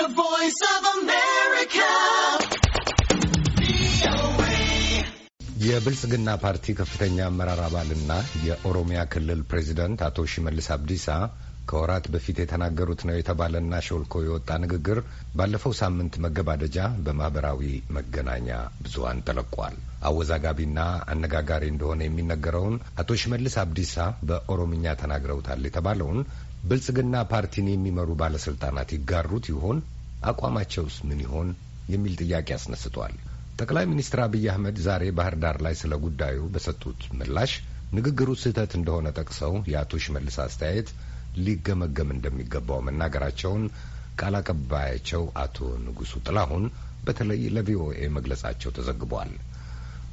The Voice of America. የብልጽግና ፓርቲ ከፍተኛ አመራር አባልና የኦሮሚያ ክልል ፕሬዚደንት አቶ ሽመልስ አብዲሳ ከወራት በፊት የተናገሩት ነው የተባለና ሾልኮ የወጣ ንግግር ባለፈው ሳምንት መገባደጃ በማህበራዊ መገናኛ ብዙኃን ተለቋል። አወዛጋቢና አነጋጋሪ እንደሆነ የሚነገረውን አቶ ሽመልስ አብዲሳ በኦሮምኛ ተናግረውታል የተባለውን ብልጽግና ፓርቲን የሚመሩ ባለስልጣናት ይጋሩት ይሆን? አቋማቸውስ ምን ይሆን የሚል ጥያቄ አስነስቷል። ጠቅላይ ሚኒስትር አብይ አህመድ ዛሬ ባህር ዳር ላይ ስለ ጉዳዩ በሰጡት ምላሽ ንግግሩ ስህተት እንደሆነ ጠቅሰው የአቶ ሽመልስ አስተያየት ሊገመገም እንደሚገባው መናገራቸውን ቃል አቀባያቸው አቶ ንጉሱ ጥላሁን በተለይ ለቪኦኤ መግለጻቸው ተዘግቧል።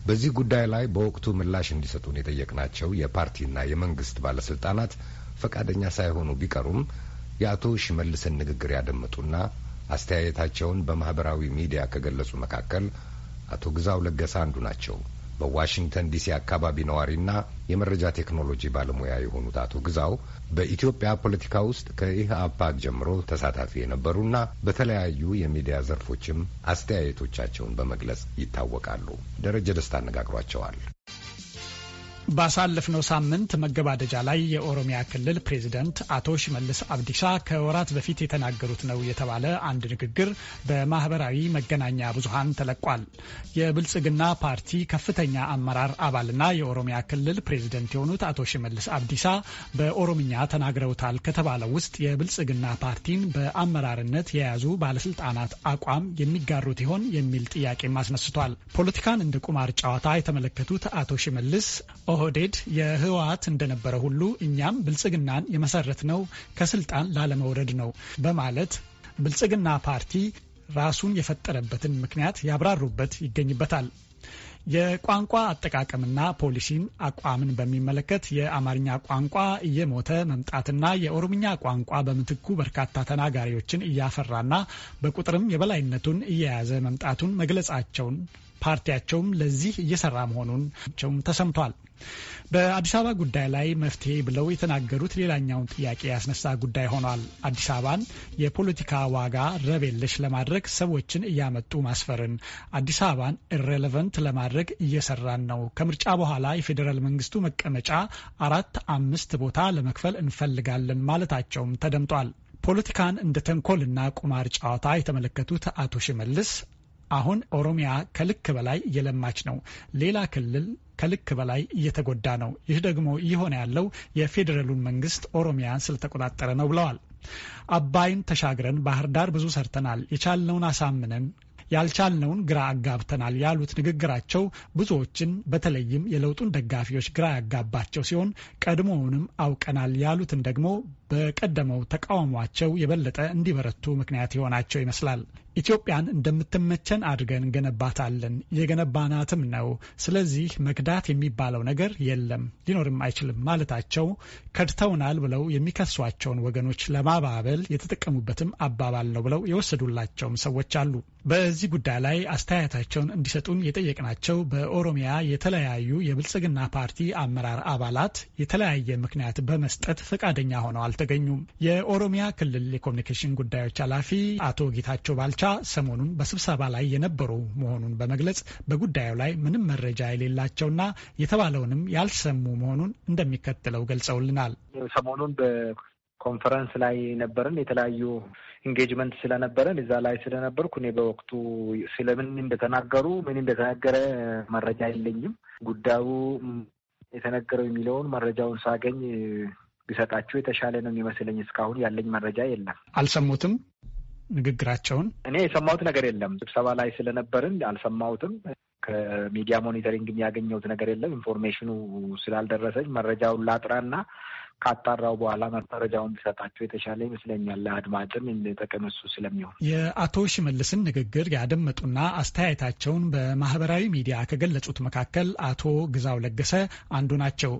በዚህ ጉዳይ ላይ በወቅቱ ምላሽ እንዲሰጡን የጠየቅናቸው የፓርቲና የመንግስት ባለስልጣናት ፈቃደኛ ሳይሆኑ ቢቀሩም የአቶ ሽመልስን ንግግር ያደመጡና አስተያየታቸውን በማኅበራዊ ሚዲያ ከገለጹ መካከል አቶ ግዛው ለገሳ አንዱ ናቸው። በዋሽንግተን ዲሲ አካባቢ ነዋሪና የመረጃ ቴክኖሎጂ ባለሙያ የሆኑት አቶ ግዛው በኢትዮጵያ ፖለቲካ ውስጥ ከኢህአፓ ጀምሮ ተሳታፊ የነበሩና በተለያዩ የሚዲያ ዘርፎችም አስተያየቶቻቸውን በመግለጽ ይታወቃሉ። ደረጀ ደስታ አነጋግሯቸዋል። ባሳለፍነው ሳምንት መገባደጃ ላይ የኦሮሚያ ክልል ፕሬዚደንት አቶ ሽመልስ አብዲሳ ከወራት በፊት የተናገሩት ነው የተባለ አንድ ንግግር በማህበራዊ መገናኛ ብዙሃን ተለቋል። የብልጽግና ፓርቲ ከፍተኛ አመራር አባልና የኦሮሚያ ክልል ፕሬዚደንት የሆኑት አቶ ሽመልስ አብዲሳ በኦሮምኛ ተናግረውታል ከተባለው ውስጥ የብልጽግና ፓርቲን በአመራርነት የያዙ ባለስልጣናት አቋም የሚጋሩት ይሆን የሚል ጥያቄም አስነስቷል። ፖለቲካን እንደ ቁማር ጨዋታ የተመለከቱት አቶ ሽመልስ ኦህዴድ የህወሀት እንደነበረ ሁሉ እኛም ብልጽግናን የመሰረት ነው ከስልጣን ላለመውረድ ነው በማለት ብልጽግና ፓርቲ ራሱን የፈጠረበትን ምክንያት ያብራሩበት ይገኝበታል። የቋንቋ አጠቃቀምና ፖሊሲን አቋምን በሚመለከት የአማርኛ ቋንቋ እየሞተ መምጣትና የኦሮምኛ ቋንቋ በምትኩ በርካታ ተናጋሪዎችን እያፈራና በቁጥርም የበላይነቱን እየያዘ መምጣቱን መግለጻቸውን ፓርቲያቸውም ለዚህ እየሰራ መሆኑን ተሰምቷል። በአዲስ አበባ ጉዳይ ላይ መፍትሄ ብለው የተናገሩት ሌላኛውን ጥያቄ ያስነሳ ጉዳይ ሆኗል። አዲስ አበባን የፖለቲካ ዋጋ ረብ የለሽ ለማድረግ ሰዎችን እያመጡ ማስፈርን፣ አዲስ አበባን ኢሬሌቨንት ለማድረግ እየሰራን ነው። ከምርጫ በኋላ የፌዴራል መንግስቱ መቀመጫ አራት አምስት ቦታ ለመክፈል እንፈልጋለን ማለታቸውም ተደምጧል። ፖለቲካን እንደ ተንኮልና ቁማር ጨዋታ የተመለከቱት አቶ ሽመልስ አሁን ኦሮሚያ ከልክ በላይ እየለማች ነው። ሌላ ክልል ከልክ በላይ እየተጎዳ ነው። ይህ ደግሞ እየሆነ ያለው የፌዴራሉን መንግስት ኦሮሚያን ስለተቆጣጠረ ነው ብለዋል። አባይን ተሻግረን ባህር ዳር ብዙ ሰርተናል፣ የቻልነውን አሳምነን ያልቻልነውን ግራ አጋብተናል ያሉት ንግግራቸው ብዙዎችን በተለይም የለውጡን ደጋፊዎች ግራ ያጋባቸው ሲሆን ቀድሞውንም አውቀናል ያሉትን ደግሞ በቀደመው ተቃውሟቸው የበለጠ እንዲበረቱ ምክንያት የሆናቸው ይመስላል። ኢትዮጵያን እንደምትመቸን አድርገን እንገነባታለን፣ የገነባናትም ነው። ስለዚህ መክዳት የሚባለው ነገር የለም፣ ሊኖርም አይችልም ማለታቸው ከድተውናል ብለው የሚከሷቸውን ወገኖች ለማባበል የተጠቀሙበትም አባባል ነው ብለው የወሰዱላቸውም ሰዎች አሉ። በዚህ ጉዳይ ላይ አስተያየታቸውን እንዲሰጡን የጠየቅናቸው በኦሮሚያ የተለያዩ የብልጽግና ፓርቲ አመራር አባላት የተለያየ ምክንያት በመስጠት ፈቃደኛ ሆነው አልተገኙም። የኦሮሚያ ክልል የኮሚኒኬሽን ጉዳዮች ኃላፊ አቶ ጌታቸው ባልቻ ሰሞኑን በስብሰባ ላይ የነበሩ መሆኑን በመግለጽ በጉዳዩ ላይ ምንም መረጃ የሌላቸውና የተባለውንም ያልሰሙ መሆኑን እንደሚከተለው ገልጸውልናል። ሰሞኑን በኮንፈረንስ ላይ ነበርን። የተለያዩ ኢንጌጅመንት ስለነበረን እዛ ላይ ስለነበርኩ እኔ በወቅቱ ስለምን እንደተናገሩ ምን እንደተናገረ መረጃ የለኝም። ጉዳዩ የተነገረው የሚለውን መረጃውን ሳገኝ ቢሰጣችሁ የተሻለ ነው የሚመስለኝ። እስካሁን ያለኝ መረጃ የለም። አልሰሙትም ንግግራቸውን? እኔ የሰማሁት ነገር የለም። ስብሰባ ላይ ስለነበርን አልሰማሁትም። ከሚዲያ ሞኒተሪንግ ያገኘሁት ነገር የለም። ኢንፎርሜሽኑ ስላልደረሰኝ መረጃውን ላጥራና ካጣራው በኋላ መረጃውን እንዲሰጣቸው የተሻለ ይመስለኛል። ለአድማጭም ጠቅም እሱ ስለሚሆን የአቶ ሽመልስን ንግግር ያደመጡና አስተያየታቸውን በማህበራዊ ሚዲያ ከገለጹት መካከል አቶ ግዛው ለገሰ አንዱ ናቸው።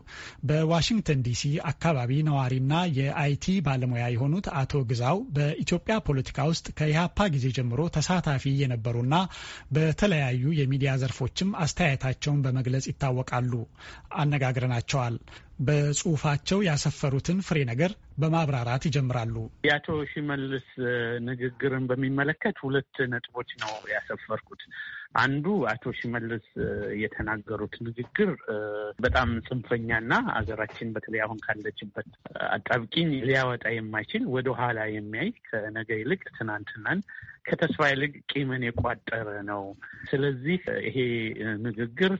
በዋሽንግተን ዲሲ አካባቢ ነዋሪና የአይቲ ባለሙያ የሆኑት አቶ ግዛው በኢትዮጵያ ፖለቲካ ውስጥ ከኢህአፓ ጊዜ ጀምሮ ተሳታፊ የነበሩና በተለያዩ የሚዲያ ዘርፎችም አስተያየታቸውን በመግለጽ ይታወቃሉ። አነጋግረናቸዋል። በጽሁፋቸው ያሰፈሩትን ፍሬ ነገር በማብራራት ይጀምራሉ። የአቶ ሽመልስ ንግግርን በሚመለከት ሁለት ነጥቦች ነው ያሰፈርኩት። አንዱ አቶ ሽመልስ የተናገሩት ንግግር በጣም ጽንፈኛና አገራችን በተለይ አሁን ካለችበት አጣብቂኝ ሊያወጣ የማይችል ወደኋላ የሚያይ ከነገ ይልቅ ትናንትናን ከተስፋ ይልቅ ቂምን የቋጠረ ነው። ስለዚህ ይሄ ንግግር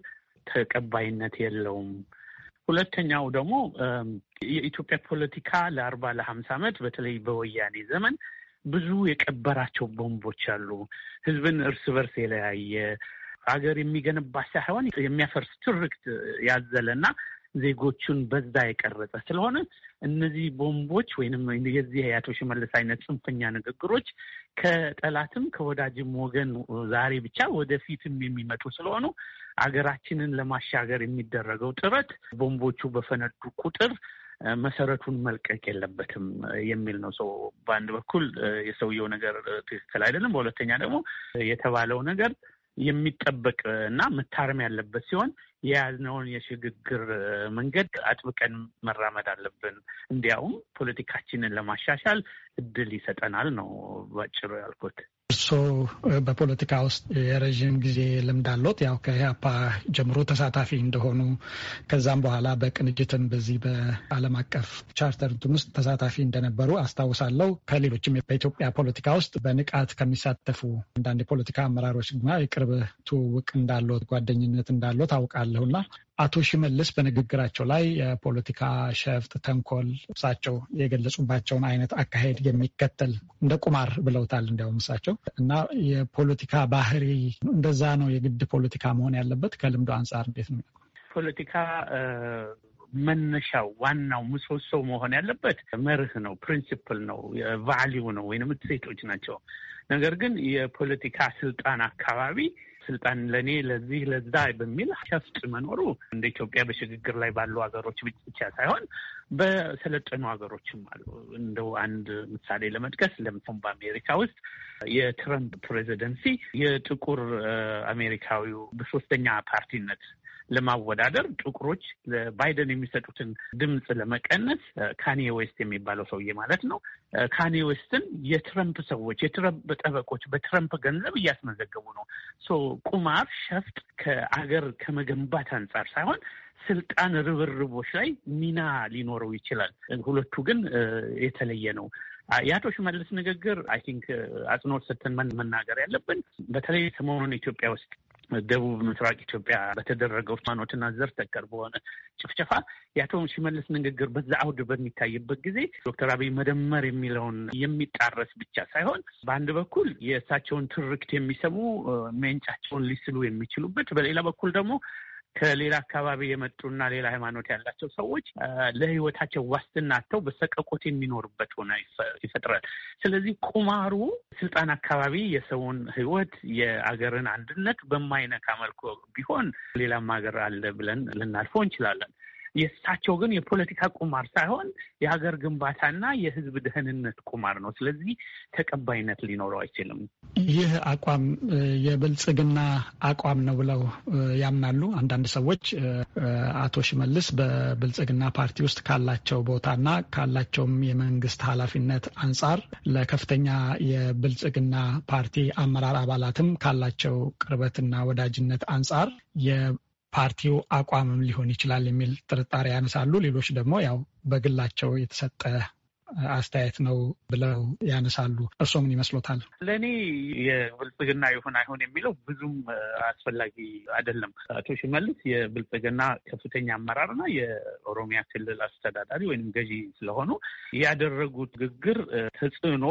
ተቀባይነት የለውም ሁለተኛው ደግሞ የኢትዮጵያ ፖለቲካ ለአርባ ለሀምሳ ዓመት በተለይ በወያኔ ዘመን ብዙ የቀበራቸው ቦምቦች አሉ። ህዝብን እርስ በርስ የለያየ ሀገር የሚገነባ ሳይሆን የሚያፈርስ ትርክት ያዘለና ዜጎቹን በዛ የቀረጸ ስለሆነ እነዚህ ቦምቦች ወይም የዚህ የአቶ ሽመልስ አይነት ጽንፈኛ ንግግሮች ከጠላትም ከወዳጅም ወገን ዛሬ ብቻ ወደፊትም የሚመጡ ስለሆኑ አገራችንን ለማሻገር የሚደረገው ጥረት ቦምቦቹ በፈነዱ ቁጥር መሰረቱን መልቀቅ የለበትም የሚል ነው። ሰው በአንድ በኩል የሰውየው ነገር ትክክል አይደለም፣ በሁለተኛ ደግሞ የተባለው ነገር የሚጠበቅ እና መታረም ያለበት ሲሆን የያዝነውን የሽግግር መንገድ አጥብቀን መራመድ አለብን። እንዲያውም ፖለቲካችንን ለማሻሻል እድል ይሰጠናል ነው ባጭሩ ያልኩት። እርስዎ በፖለቲካ ውስጥ የረዥም ጊዜ ልምድ አለዎት። ያው ከኢህአፓ ጀምሮ ተሳታፊ እንደሆኑ ከዛም በኋላ በቅንጅትም በዚህ በዓለም አቀፍ ቻርተር እንትን ውስጥ ተሳታፊ እንደነበሩ አስታውሳለሁ። ከሌሎችም በኢትዮጵያ ፖለቲካ ውስጥ በንቃት ከሚሳተፉ አንዳንድ የፖለቲካ አመራሮች ጋር የቅርብ ትውውቅ እንዳለዎት፣ ጓደኝነት እንዳለዎት አውቃለሁና አቶ ሽመልስ በንግግራቸው ላይ የፖለቲካ ሸፍጥ፣ ተንኮል እሳቸው የገለጹባቸውን አይነት አካሄድ የሚከተል እንደ ቁማር ብለውታል። እንዲያውም እሳቸው እና የፖለቲካ ባህሪ እንደዛ ነው የግድ ፖለቲካ መሆን ያለበት ከልምዶ አንጻር እንዴት ነው ፖለቲካ መነሻው ዋናው ምሰሶው መሆን ያለበት መርህ ነው፣ ፕሪንሲፕል ነው፣ ቫሊዩ ነው ወይም እሴቶች ናቸው። ነገር ግን የፖለቲካ ስልጣን አካባቢ ስልጣን ለእኔ ለዚህ ለዛ በሚል ሲያስጭ መኖሩ እንደ ኢትዮጵያ በሽግግር ላይ ባሉ ሀገሮች ብቻ ሳይሆን በሰለጠኑ ሀገሮችም አሉ። እንደው አንድ ምሳሌ ለመጥቀስ ለምሳሌ በአሜሪካ ውስጥ የትረምፕ ፕሬዚደንሲ የጥቁር አሜሪካዊው በሶስተኛ ፓርቲነት ለማወዳደር ጥቁሮች ለባይደን የሚሰጡትን ድምፅ ለመቀነስ ካኔ ዌስት የሚባለው ሰውዬ ማለት ነው። ካኔ ዌስትን የትረምፕ ሰዎች፣ የትረምፕ ጠበቆች በትረምፕ ገንዘብ እያስመዘገቡ ነው። ሶ ቁማር፣ ሸፍጥ ከአገር ከመገንባት አንጻር ሳይሆን ስልጣን ርብርቦች ላይ ሚና ሊኖረው ይችላል። ሁለቱ ግን የተለየ ነው። የአቶ ሽመልስ ንግግር አይ ቲንክ አጽንኦት ሰጥተን መናገር ያለብን በተለይ ሰሞኑን ኢትዮጵያ ውስጥ ደቡብ ምስራቅ ኢትዮጵያ በተደረገው ሃይማኖትና ዘር ተኮር በሆነ ጭፍጨፋ የአቶ ሽመልስ ንግግር በዛ አውድ በሚታይበት ጊዜ ዶክተር አብይ መደመር የሚለውን የሚጣረስ ብቻ ሳይሆን በአንድ በኩል የእሳቸውን ትርክት የሚሰሙ መንጫቸውን ሊስሉ የሚችሉበት፣ በሌላ በኩል ደግሞ ከሌላ አካባቢ የመጡና ሌላ ሃይማኖት ያላቸው ሰዎች ለህይወታቸው ዋስትና አጥተው በሰቀቆት የሚኖሩበት ሆነ ይፈጥራል። ስለዚህ ቁማሩ ስልጣን አካባቢ የሰውን ህይወት የአገርን አንድነት በማይነካ መልኩ ቢሆን ሌላም ሀገር አለ ብለን ልናልፈው እንችላለን። የእሳቸው ግን የፖለቲካ ቁማር ሳይሆን የሀገር ግንባታና የህዝብ ደህንነት ቁማር ነው። ስለዚህ ተቀባይነት ሊኖረው አይችልም። ይህ አቋም የብልጽግና አቋም ነው ብለው ያምናሉ አንዳንድ ሰዎች። አቶ ሽመልስ በብልጽግና ፓርቲ ውስጥ ካላቸው ቦታና ካላቸውም የመንግስት ኃላፊነት አንጻር ለከፍተኛ የብልጽግና ፓርቲ አመራር አባላትም ካላቸው ቅርበትና ወዳጅነት አንጻር ፓርቲው አቋምም ሊሆን ይችላል የሚል ጥርጣሬ ያነሳሉ። ሌሎች ደግሞ ያው በግላቸው የተሰጠ አስተያየት ነው ብለው ያነሳሉ። እርስዎ ምን ይመስሎታል? ለእኔ የብልጽግና ይሁን አይሆን የሚለው ብዙም አስፈላጊ አይደለም። አቶ ሽመልስ የብልጽግና ከፍተኛ አመራርና የኦሮሚያ ክልል አስተዳዳሪ ወይም ገዢ ስለሆኑ ያደረጉት ግግር ተጽዕኖ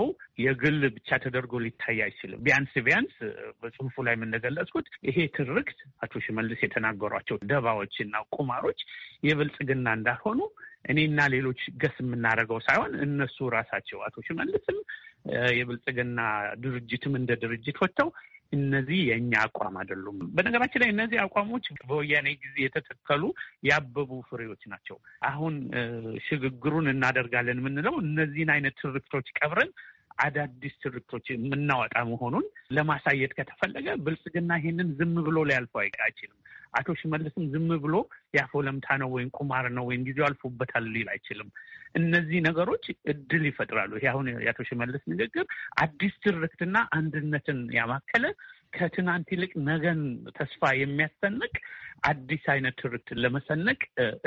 የግል ብቻ ተደርጎ ሊታይ አይችልም። ቢያንስ ቢያንስ በጽሁፉ ላይ የምንገለጽኩት ይሄ ትርክት አቶ ሽመልስ የተናገሯቸው ደባዎች እና ቁማሮች የብልጽግና እንዳልሆኑ እኔና ሌሎች ገስ የምናደርገው ሳይሆን እነሱ ራሳቸው አቶ ሽመልስም የብልጽግና ድርጅትም እንደ ድርጅት ወጥተው እነዚህ የእኛ አቋም አይደሉም። በነገራችን ላይ እነዚህ አቋሞች በወያኔ ጊዜ የተተከሉ ያበቡ ፍሬዎች ናቸው። አሁን ሽግግሩን እናደርጋለን የምንለው እነዚህን አይነት ትርክቶች ቀብረን አዳዲስ ትርክቶች የምናወጣ መሆኑን ለማሳየት ከተፈለገ ብልጽግና ይሄንን ዝም ብሎ ሊያልፈው አይችልም። አቶ ሽመልስም ዝም ብሎ ለምታ ነው ወይም ቁማር ነው ወይም ጊዜው አልፎበታል ሊል አይችልም። እነዚህ ነገሮች እድል ይፈጥራሉ። ይሄ አሁን የአቶ ሽመልስ ንግግር አዲስ ትርክትና አንድነትን ያማከለ ከትናንት ይልቅ ነገን ተስፋ የሚያሰንቅ አዲስ አይነት ትርክት ለመሰነቅ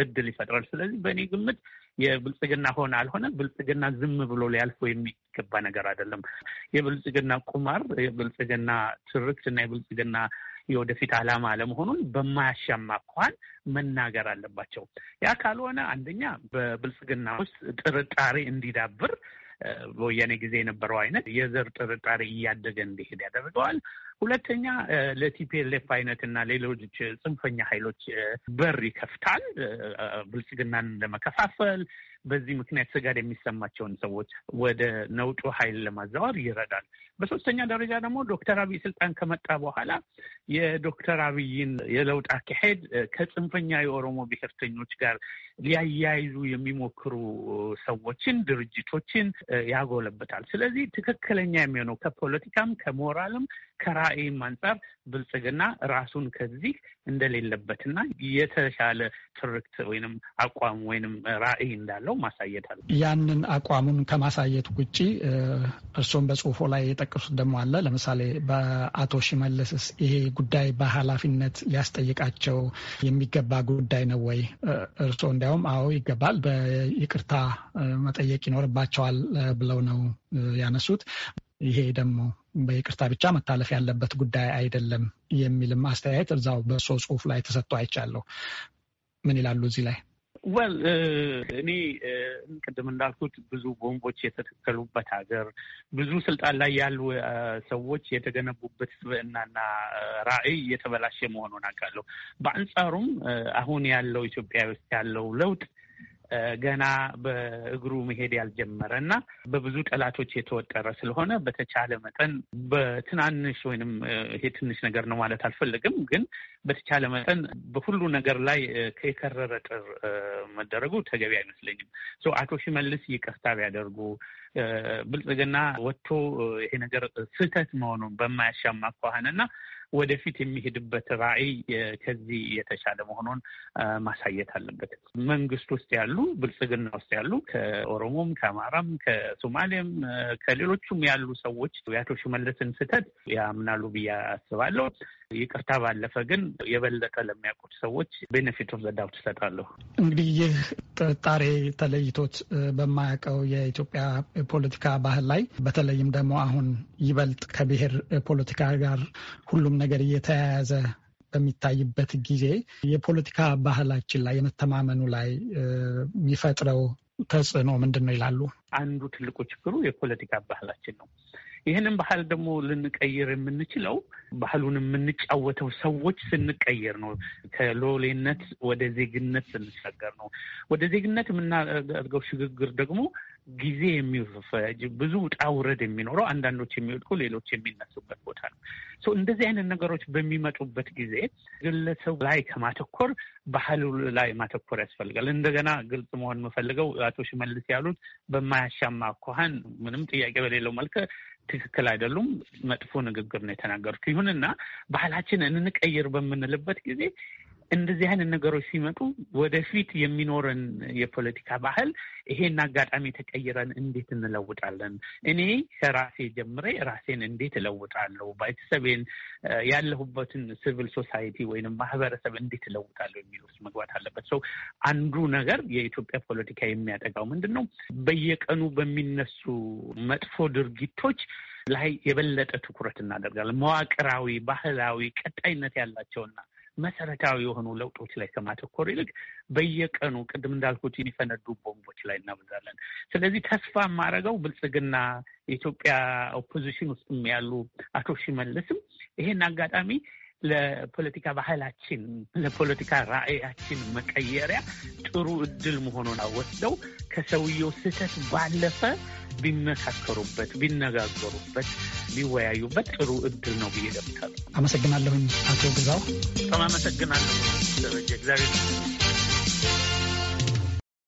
እድል ይፈጥራል። ስለዚህ በእኔ ግምት የብልጽግና ሆነ አልሆነ ብልጽግና ዝም ብሎ ሊያልፈው የሚገባ ነገር አይደለም። የብልጽግና ቁማር፣ የብልጽግና ትርክት እና የብልጽግና የወደፊት ዓላማ አለመሆኑን በማያሻማ እንኳን መናገር አለባቸው። ያ ካልሆነ አንደኛ በብልጽግና ውስጥ ጥርጣሬ እንዲዳብር በወያኔ ጊዜ የነበረው አይነት የዘር ጥርጣሬ እያደገ እንዲሄድ ያደርገዋል። ሁለተኛ ለቲፒኤልኤፍ አይነት እና ሌሎች ጽንፈኛ ኃይሎች በር ይከፍታል። ብልጽግናን ለመከፋፈል በዚህ ምክንያት ስጋት የሚሰማቸውን ሰዎች ወደ ነውጡ ኃይል ለማዛወር ይረዳል። በሶስተኛ ደረጃ ደግሞ ዶክተር አብይ ስልጣን ከመጣ በኋላ የዶክተር አብይን የለውጥ አካሄድ ከጽንፈኛ የኦሮሞ ብሔርተኞች ጋር ሊያያይዙ የሚሞክሩ ሰዎችን፣ ድርጅቶችን ያጎለብታል። ስለዚህ ትክክለኛ የሚሆነው ከፖለቲካም ከሞራልም ከራዕይም አንጻር ብልጽግና ራሱን ከዚህ እንደሌለበት እና የተሻለ ትርክት ወይም አቋም ወይም ራዕይ እንዳለው ማሳየት አለ። ያንን አቋሙን ከማሳየት ውጭ እርስዎም በጽሁፎ ላይ የጠቀሱት ደግሞ አለ። ለምሳሌ በአቶ ሽመልስስ ይሄ ጉዳይ በኃላፊነት ሊያስጠይቃቸው የሚገባ ጉዳይ ነው ወይ? እርስዎ እንዲያውም አዎ ይገባል፣ በይቅርታ መጠየቅ ይኖርባቸዋል ብለው ነው ያነሱት። ይሄ ደግሞ በይቅርታ ብቻ መታለፍ ያለበት ጉዳይ አይደለም የሚልም አስተያየት እዛው በሶ ጽሁፍ ላይ ተሰጥቶ አይቻለሁ። ምን ይላሉ እዚህ ላይ? ወል uh, እኔ uh, ቅድም እንዳልኩት ብዙ ቦምቦች የተተከሉበት ሀገር፣ ብዙ ስልጣን ላይ ያሉ uh, ሰዎች የተገነቡበት ስብዕናና ራዕይ የተበላሸ መሆኑን አውቃለሁ። በአንጻሩም አሁን ያለው ኢትዮጵያ ውስጥ ያለው ለውጥ ገና በእግሩ መሄድ ያልጀመረ እና በብዙ ጠላቶች የተወጠረ ስለሆነ በተቻለ መጠን በትናንሽ ወይንም ይሄ ትንሽ ነገር ነው ማለት አልፈልግም ግን በተቻለ መጠን በሁሉ ነገር ላይ ከየከረረ ጥር መደረጉ ተገቢ አይመስለኝም። አቶ ሽመልስ ይቅርታ ቢያደርጉ ብልጽግና ወጥቶ ይሄ ነገር ስህተት መሆኑን በማያሻማ ከሆነ እና ወደፊት የሚሄድበት ራዕይ ከዚህ የተሻለ መሆኑን ማሳየት አለበት። መንግስት ውስጥ ያሉ ብልጽግና ውስጥ ያሉ ከኦሮሞም፣ ከአማራም፣ ከሶማሌም ከሌሎቹም ያሉ ሰዎች የአቶ ሽመለስን ስህተት ያምናሉ ብዬ አስባለሁ። ይቅርታ ባለፈ ግን የበለጠ ለሚያውቁት ሰዎች ቤኔፊት ኦፍ ዘ ዳውት እንግዲህ ይህ ጥርጣሬ ተለይቶት በማያውቀው የኢትዮጵያ ፖለቲካ ባህል ላይ በተለይም ደግሞ አሁን ይበልጥ ከብሔር ፖለቲካ ጋር ሁሉም ነገር እየተያያዘ በሚታይበት ጊዜ የፖለቲካ ባህላችን ላይ የመተማመኑ ላይ የሚፈጥረው ተጽዕኖ ምንድን ነው ይላሉ? አንዱ ትልቁ ችግሩ የፖለቲካ ባህላችን ነው። ይህንን ባህል ደግሞ ልንቀይር የምንችለው ባህሉን የምንጫወተው ሰዎች ስንቀየር ነው። ከሎሌነት ወደ ዜግነት ስንሻገር ነው። ወደ ዜግነት የምናደርገው ሽግግር ደግሞ ጊዜ የሚፈጅ ብዙ ውጣ ውረድ የሚኖረው አንዳንዶች የሚወድቁ ሌሎች የሚነሱበት ቦታ ነው። እንደዚህ አይነት ነገሮች በሚመጡበት ጊዜ ግለሰቡ ላይ ከማተኮር ባህሉ ላይ ማተኮር ያስፈልጋል። እንደገና ግልጽ መሆን የምፈልገው አቶ ሽመልስ ያሉት በማያሻማ አኳኋን ምንም ጥያቄ በሌለው መልክ ትክክል አይደሉም። መጥፎ ንግግር ነው የተናገሩት። ይሁንና ባህላችን እንቀይር በምንልበት ጊዜ እንደዚህ አይነት ነገሮች ሲመጡ ወደፊት የሚኖረን የፖለቲካ ባህል ይሄን አጋጣሚ ተቀይረን እንዴት እንለውጣለን? እኔ ከራሴ ጀምሬ ራሴን እንዴት እለውጣለሁ? ቤተሰቤን፣ ያለሁበትን ሲቪል ሶሳይቲ ወይም ማህበረሰብ እንዴት እለውጣለሁ የሚል ውስጥ መግባት አለበት። ሰው አንዱ ነገር የኢትዮጵያ ፖለቲካ የሚያጠቃው ምንድን ነው? በየቀኑ በሚነሱ መጥፎ ድርጊቶች ላይ የበለጠ ትኩረት እናደርጋለን። መዋቅራዊ፣ ባህላዊ ቀጣይነት ያላቸውና መሰረታዊ የሆኑ ለውጦች ላይ ከማተኮር ይልቅ በየቀኑ ቅድም እንዳልኩት የሚፈነዱ ቦምቦች ላይ እናበዛለን። ስለዚህ ተስፋ የማደርገው ብልጽግና የኢትዮጵያ ኦፖዚሽን ውስጥም ያሉ አቶ ሽመልስም ይሄን አጋጣሚ ለፖለቲካ ባህላችን፣ ለፖለቲካ ራዕያችን መቀየሪያ ጥሩ እድል መሆኑን አወስደው ከሰውየው ስህተት ባለፈ ቢመካከሩበት፣ ቢነጋገሩበት፣ ቢወያዩበት ጥሩ እድል ነው ብዬ ገምታለሁ። አመሰግናለሁኝ አቶ ግዛው በጣም አመሰግናለሁ ደረጀ እግዚአብሔር